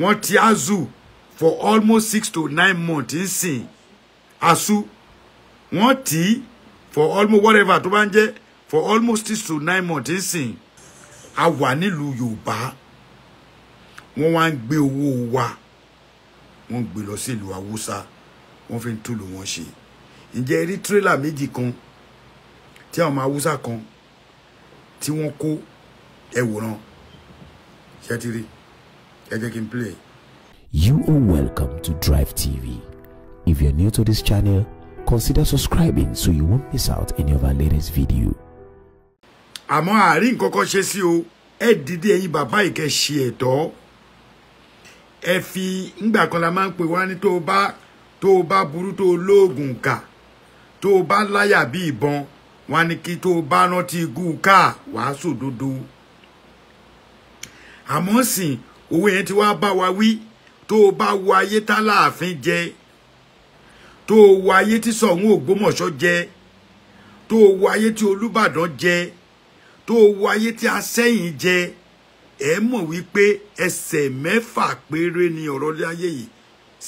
wọ́n ti azu for almost six to nine months nsìn asu wọ́n ti for almost whatever tó bá ń jẹ́ for almost six to nine months nsìn a wà nílùú yorùbá wọ́n wá ń gbé owó wa wọ́n ń gbé lọ sí ìlú haúsá wọ́n fi ń túlù wọn ṣe ǹjẹ́ rí tírélà méjì kan tí àwọn ọmọ haúsá kan tí wọ́n kó ẹwòrán ṣẹ́tìrì ẹ jẹ́ kí n play. You are welcome to Drive TV. If you're new to this channel, consider subscribing so you won't miss out any of our latest video. Àmọ́ àárín kọ́kọ́ ṣe sí o, ẹ dìde ẹ̀yin bàbá ìkẹ́ ṣe ẹ̀tọ́. Ẹ fi ńgbà kan la máa ń pè wá ní tó bá tó bá burú tó lóògùn kà tó bá láyà bí ìbọn wá ní kí tó bá rántí igú ká wàásù dúdú. Àmọ́ sìn owó yẹn ti wá bá wa wí tó o bá wo ayé tá láàfin jẹ tó o wo ayé tí Ṣọ̀ún Ògbómọ̀ṣọ́ jẹ tó o wo ayé tí Olúbàdàn jẹ tó o wo ayé tí Aṣẹ́yìn jẹ ẹ mọ̀ wípé ẹsẹ̀ mẹ́fà péré ni ọ̀rọ̀ láyé yìí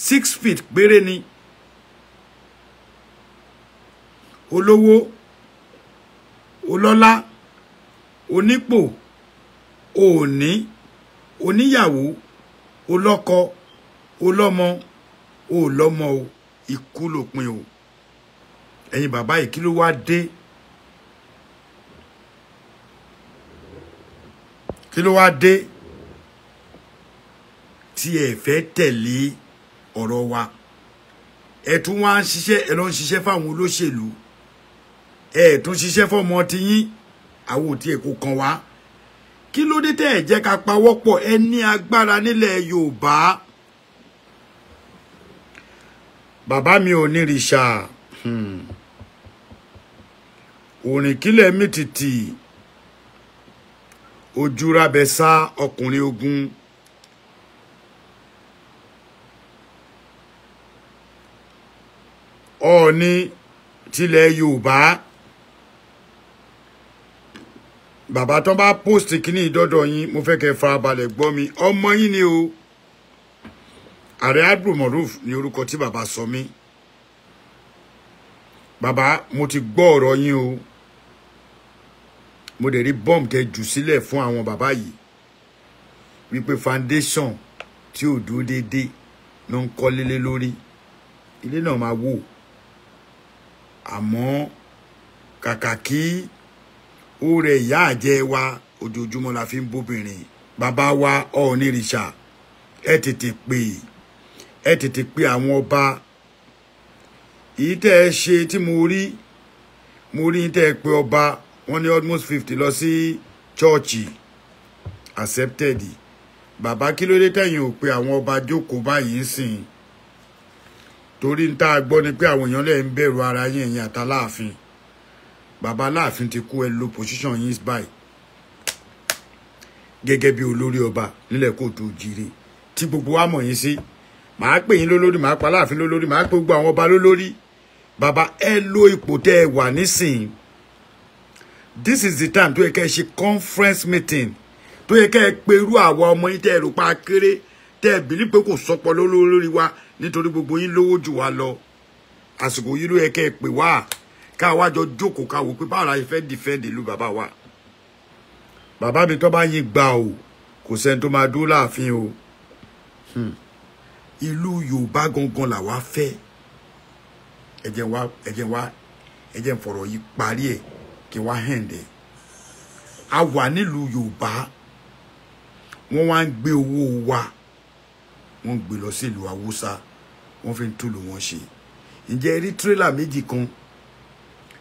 six feet péré ni olówó olọ́lá onípò òní oníyàwó olọ́kọ olọ́mọ olọ́mọ o ikú lòpin o ẹ̀yin bàbá yìí kí ló wá dé kí ló wá dé tí ẹ fẹ́ tẹ̀lé ọ̀rọ̀ wa ẹ tún wá ń ṣiṣẹ́ ẹ lọ ń ṣiṣẹ́ fáwọn olóṣèlú ẹ tún ṣiṣẹ́ fọmọ tiyín àwọn ò tiẹ̀ kò kàn wá kí ló dé tẹ́ ẹ̀ jẹ́ ká pawọ́pọ̀ ẹ ní agbára nílẹ̀ yorùbá bàbá mi ò nírìṣà hmm. òrìn kílẹ̀ mi tìtì ojú rabẹ́sá ọkùnrin ogun. ọ̀ọ́ni tilẹ̀ yorùbá bàbá tán bá post kíní ìdọ́dọ̀ yín mo fẹ́ kẹ́ farabalẹ̀ gbọ́ mi ọmọ yín ni o ààrẹ abdulmoruf ni orúkọ tí Baba sọ mí bàbá mo ti gbọ́ ọ̀rọ̀ yín o mo dẹ̀ rí bọ́m tẹ jù sílẹ̀ fún àwọn bàbá yìí wípé foundation tí ò dúró déédéé ló ń kọ́ lélé lórí ilé náà máa wò àmọ́ Ure ya ìyá àjẹ́ wa ojoojúmọ́ la fi ń bóbìnrin wa ọ̀ọ́ni rìṣà ẹ tètè pè ẹ tètè pè àwọn ọba èyí tẹ́ ẹ ṣe tí mo rí mo rí tẹ́ ẹ almost fifty lọ sí chọ́ọ̀chì accepted bàbá kí ló dé tẹ̀yìn ò pé àwọn ọba jókòó báyìí sìn torí ń tá ni pé àwọn èèyàn lè ń ara yín ẹ̀yìn àtàláàfin Baba, aláàfin ti kú ẹ lo position yín by. gẹ́gẹ́ bí olórí ọba nílẹ̀ kóòtù òjìrè tí gbogbo wa mọ̀ yín sí màá pè yín lólórí màá pa aláàfin lólórí màá pè gbogbo àwọn ọba lólórí bàbá ẹ lo ipò tẹ́ ẹ wà nísìnyí this is the time tó yẹ kẹ́ ṣe conference meeting tó yẹ kẹ́ ẹ perú àwa ọmọ yín tẹ́ ẹ rò pa kéré tẹ́ ẹ bìlí pé kò sọpọ̀ lólórí wa nítorí gbogbo yín lówó jù wá lọ àsìkò yìí ló yẹ kẹ́ pè wá ká wá jọ jókòó ká wò pé báwo la fẹ́ defend ìlú bàbá wa baba mi tó bá yín gbà o kò sẹ́ni tó máa dúró láàfin o hmm. ìlú Yorùbá gangan là wá fẹ́ ẹ jẹ́ wá ẹ jẹ́ wá ẹ jẹ́ fọ̀rọ̀ yìí parí ẹ̀ kí wá hẹ̀ǹdẹ̀ a wà nílùú Yorùbá wọ́n wá ń wa wọ́n ń gbé lọ sí ìlú Haúsá wọ́n fi ń túlù wọn ṣe ǹjẹ́ rí tírélà méjì kan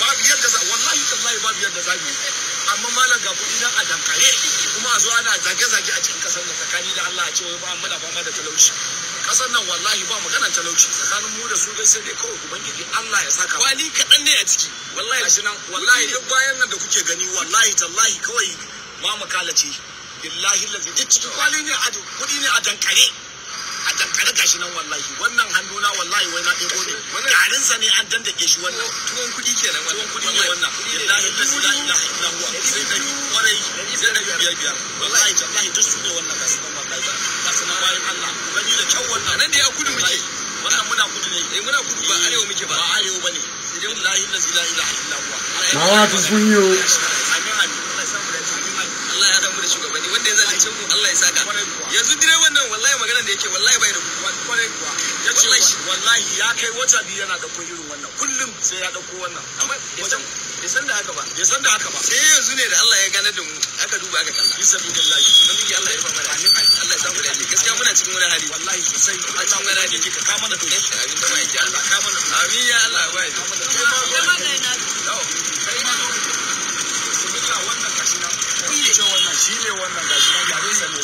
babu yadda za wallahi tallahi babu yadda za mu amma malam ga kuɗi nan a dankare kuma a zo ana zage-zage a cikin kasar da tsakani da Allah a ce wai ba an mada fama da talauci kasar nan wallahi ba maganar talauci tsakanin mu da su dai sai dai kawai ubangiji Allah ya saka wani kaɗan ne a ciki wallahi shi nan wallahi duk bayan nan da kuke gani wallahi tallahi kawai ma makala ce billahi lazi duk cikin kwali ne a kuɗi ne a dankare kankare ga shi nan wallahi wannan hannuna wallahi wai na ɗebo ne garin sa ne an dandake shi wannan tuwon kuɗi kenan tuwon kuɗi ne wannan billahi la ilaha illa huwa sai da kwarai sai da biyar biyar wallahi tallahi duk su ne wannan ga su nan wallahi ga su nan bayan Allah gani da kyau wannan nan da ya kudu muke wannan muna kudu ne eh muna kudu ba arewa muke ba ba arewa bane idan la ilaha illa huwa mawata sun yi wanda ya zalunce mu Allah ya saka yanzu direban nan wallahi magana da yake wallahi bai da kwarai kuwa wallahi ya kai wata biyu yana da irin wannan kullum sai ya dauko wannan amma wajen bai san da haka ba ya san da haka ba sai yanzu ne da Allah ya gane da mu aka duba aka kalla bisa billahi nan miki Allah ya rufa mana amin Allah ya mu da gaskiya muna cikin wani hali wallahi sai Allah ya gane da ka kama da dokin amin ya Allah kama da amin ya Allah ya bai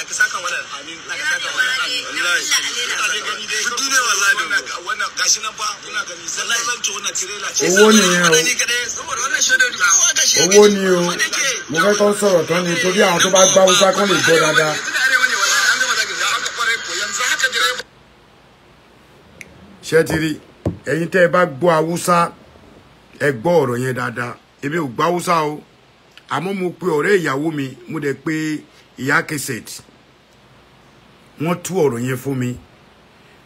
Allah ka saka wannan amin Allah ka saka wannan wallahi Allah gani dai ku dune wallahi wannan gashi nan ba kuna gani wallahi zan ci wannan tirela ce owó ni o owó ni o mo fẹ́ tó ń sọ̀rọ̀ tán ni torí àwọn tó bá gbá wúsá kán lè gbọ́ dáadáa. ṣẹ́tìrì ẹ̀yin tẹ́ ẹ bá gbọ́ haúsá ẹ gbọ́ ọ̀rọ̀ yẹn dáadáa èmi ò gbá haúsá o àmọ́ mo pe ọ̀rẹ́ ìyàwó mi mo dẹ̀ pe Yake Iyakeset wọ́n tú ọ̀rọ̀ yẹn fún mi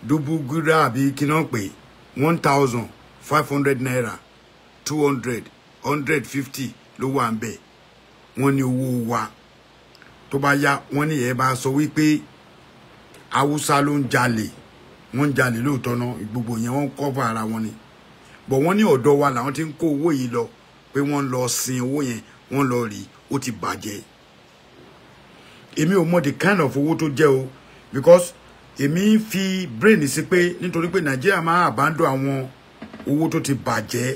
dúbúgúdá gura bi pé one thousand five hundred naira two hundred hundred fifty ló wà ń bẹ̀ wọ́n ní wa tó bá yá wọ́n ní ẹ̀ bá sọ wípé haúsá ló ń jalè wọ́n ń jalè lóòótọ́ náà gbogbo yẹn wọ́n ń kọ́ fún ara wọn ni bọ̀ wọ́n ní ọ̀dọ̀ wa làwọn ti ń kó owó yìí lọ pé wọ́n lọ sin owó yẹn wọ́n lọ rí ó ti bàjẹ́ Emi ò mọ the kind of owo tó jẹ́ o because emi fi brain sí pé nítorí pé Nàìjíríà máa àbándò àwọn owó tó ti bàjẹ́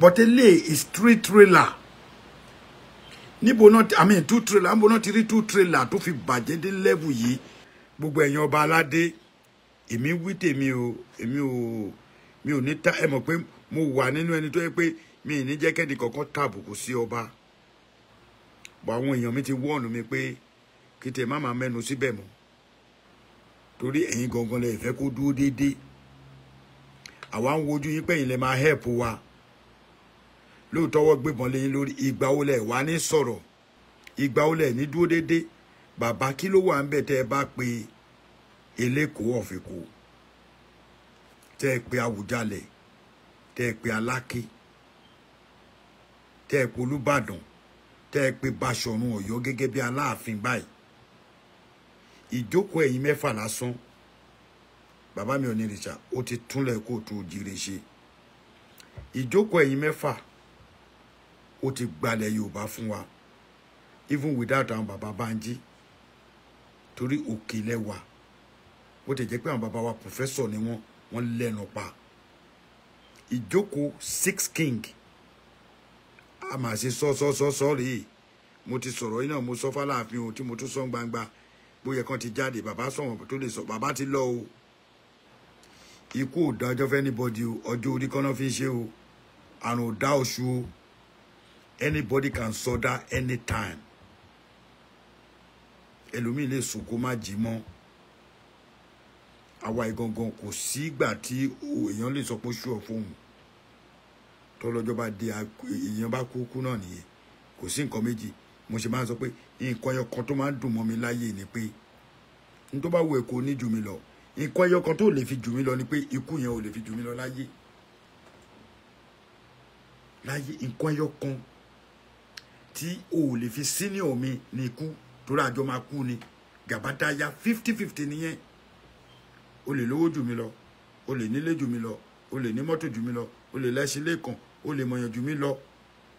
but eléyìí is three trailer níbo náà i mean two trailer níbo náà ti two trailer tó fi bàjẹ́ dé level yi gbogbo ẹ̀yin ọba aládé emi wí tèmi o emi o mi o ní ta ẹ mọ̀ pé mo wà nínú ẹni tó yẹ pé mi ì ní jẹ́ kẹ́ni kankan tàbùkù sí ọba bọ̀ àwọn èèyàn mi ti wọ́ọ̀nù mi pé kí tẹ má máa mẹ́nu síbẹ̀ mọ́ torí ẹ̀yin gangan lẹ ìfẹ́ kó dúró déédéé àwa ń wojú yín pé lẹ máa help wa lóòótọ́ wọ́n gbébọn lẹ́yìn lórí ìgbà wo lẹ̀ wá ní sọ̀rọ̀ ìgbà wo lẹ̀ ní dúró déédéé bàbá kí ló wà ń bẹ̀ tẹ́ ẹ bá pe elékòó ọ̀fìnkòó tẹ́ ẹ pe Awùjalẹ̀ tẹ́ ẹ pe Aláké tẹ́ ẹ pe Olúbàdàn tẹ́ ẹ pé Báṣọ̀run Ọ̀yọ́ gẹ́gẹ́ bí Aláàfin báyìí ìjókòó ẹ̀yin mẹ́fà lásán bàbá mi ò ní ìrìṣà ó ti túnlẹ̀ kó tó jíire ṣe ìjókòó ẹ̀yin mẹ́fà ó ti gbalẹ̀ Yorùbá fún wa even without àwọn bàbá Bánjí torí òkè lẹ́wà bó ti jẹ́ pé àwọn bàbá wa pòfẹ́sọ̀ ni wọ́n wọ́n lẹ́nu pa ìjókòó six king a máa ṣe sọ́sọ́sọ́sọ́ rèé mo ti sọ̀rọ̀ yìí náà mo sọ fáláàfin ohun tí mo tún sọ gbangba bóyá kan ti jáde bàbá sọ̀wọ́n tó lè sọ bàbá ti lọ o ikú ò dájọ́ fẹ́nibọ́dì o ọjọ́ orí kan fi ń ṣe o àrùn ò oṣù o anybody can sọ dá anytime ẹlòmíì lè sùn kó má jí mọ́ àwa ìgangan kò sígbà tí èèyàn lè sọ pé ṣú ọ̀ fóun tọ́lọ́jọ́ bá di èèyàn bá kúkú náà nìyẹn kò sí nǹkan méjì mo ṣe máa ń sọ pé nǹkan ẹyọ kan tó máa ń dùn mọ́ mi láyé ni pé n tó bá wù ẹ́ ní jù mí lọ nǹkan ẹyọ kan tó lè fi jù mí lọ ni pé ikú yẹn ò lè fi jù mí lọ láyé láyé nǹkan ẹyọ kan tí o ò lè fi senior mi ní ikú torí àjọ máa kú ni gàbátá ya fifty fifty nìyẹn o lè lówó jù mí lọ o lè nílé jù mí lọ o lè ní mọ́tò jù mí lọ o lè lẹ́sìn lẹ́ẹ̀kan o lè mọ̀yàn jù mí lọ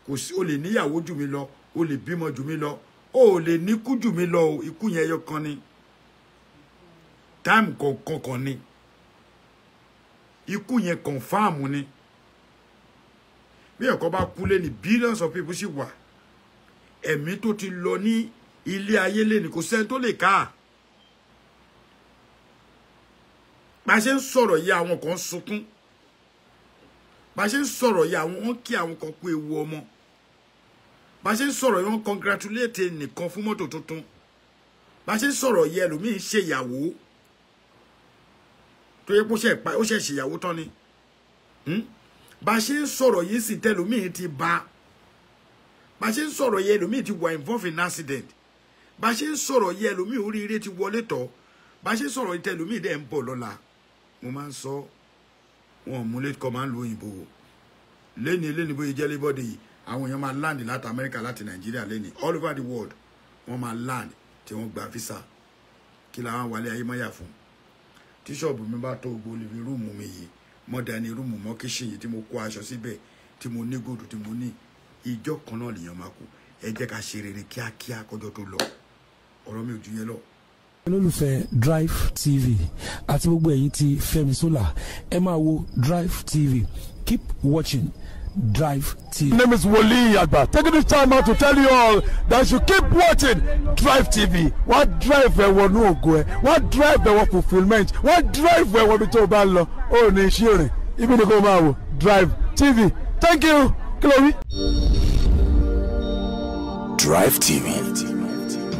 kò sí o lè níyàwó jù mí lọ o lè bímọ jù mí lọ o lè níkú jù mí lọ ikú yẹn ẹyọ kan ni táìmù kọ̀ọ̀kan kan ni ikú yẹn kọ̀ǹfàmù ni bí ẹ̀kọ́ bá kú lé ní billions of people sì wà ẹ̀mí tó ti lọ ní ilé ayé lé ní kò sẹ́ni tó lè ká bá ń sọ̀rọ̀ yìí àwọn kan sunkún bá ṣe ń sọ̀rọ̀ yìí àwọn wọ́n kí àwọn kan kú ewu ọmọ bá ṣe ń sọ̀rọ̀ congratulate nìkan fún mọ́tò tuntun bá ṣe ń sọ̀rọ̀ yìí ẹlòmíì ń ṣèyàwó tó yẹ kó ṣe pa ó se ṣèyàwó tán ni hmm? bá ṣe ń sọ̀rọ̀ yìí sì tẹlòmíì ti ba bá ṣe ń sọ̀rọ̀ yìí ti wà involved in accident bá ṣe ń sọ̀rọ̀ yìí ẹlòmíì oríire ti wọlé tọ̀ bá ṣe ń sọ̀rọ̀ yìí tẹlòmíì dẹ̀ ń bọ̀ mo máa ń wọn mú late command lu òyìnbó lẹ́ni lẹ́ni bóyá jẹ́ labour day àwọn èèyàn máa land láti America láti Nàìjíríà lẹ́ni all over the world wọ́n máa land tí wọ́n gba visa kí làwọn wálé ayé máa yà fún tíṣọ̀bù mi bá tó gbó lè fi rúùmù mi yìí mọ́dà ní rúùmù mọ́ kíṣìn yìí tí mo kó aṣọ síbẹ̀ tí mo ní gòdù tí mo ní ìjọ kan náà lèèyàn máa kú ẹ jẹ́ ká ṣe rere kíákíá kọjọ́ tó lọ ọ̀rọ̀ mi ò ju yẹn lọ olólùfẹ́ drive tv àti gbogbo ẹ̀yin ti fẹ́mi solar ẹ máa wo drive tv keep watching drive tv. my name is Wole Agba taking this time out to tell you all that you keep watching drive tv wá drive ẹ̀wọ̀ ní ògo ẹ̀ wá drive ẹ̀wọ̀ fulfilment wá drive ẹ̀wọ̀ bí tó o bá lọ ó ní iṣẹ́ go ibi ni kò máa wò drive tv thank you Chloe. drive tv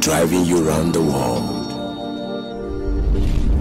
driving you round the world.